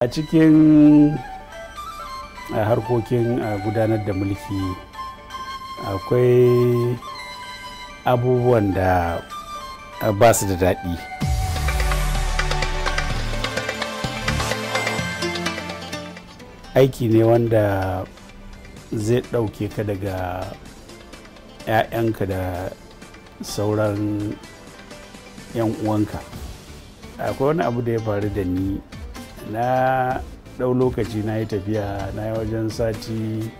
a cikin eh, harkokin eh, gudanar da mulki akwai abubuwan da eh, ba su da daɗi aiki ne wanda zai ɗauke ka daga 'ya'yanka da sauran 'yan uwanka akwai wani abu da ya faru da ni na ɗau lokaci na yi tafiya na yi wajen sati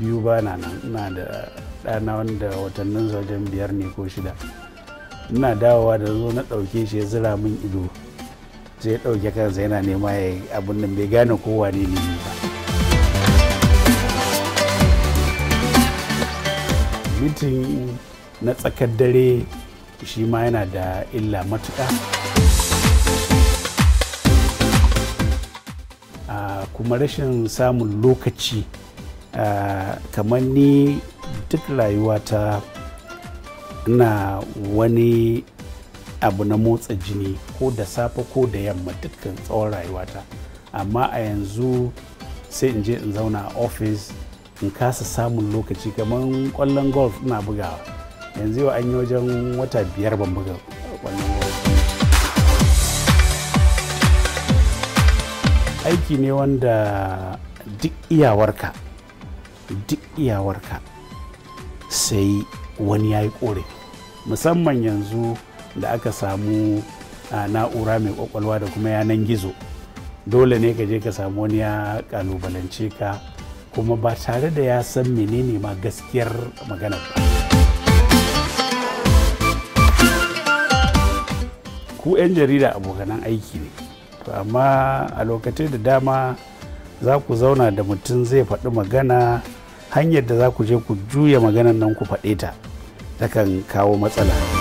biyu ba na nan ina da ɗana wanda watannin wajen biyar ne ko shida ina dawowa da zo na ɗauke shi ya zira min ido sai ya ɗauke kansa yana nema ya abin nan bai gane kowa ne ne ba mitin na tsakar dare shi ma yana da illa matuƙa kuma rashin samun lokaci kamar ni duk rayuwata na wani abu na motsa jini ko da safe ko da yamma dukkan tsawon rayuwata amma a yanzu sai in je in zauna a ofis in kasa samun lokaci kamar kwallon golf ina bugawa yanzu yau an yi wajen wata biyar ban buga aiki ne wanda duk iyawarka duk iyawarka sai wani ya yi kore musamman yanzu da aka samu na'ura mai kwakwalwa da kuma yanan gizo dole ne ka je ka samu wani ya kalubalance ka kuma ba tare da ya san menene ma gaskiyar magana ba ku 'yan jarida abokanan aiki ne to amma a lokacin da dama za ku zauna da mutum zai faɗi magana hanyar da za ku je ku juya maganan nan ku faɗe ta takan kawo matsala.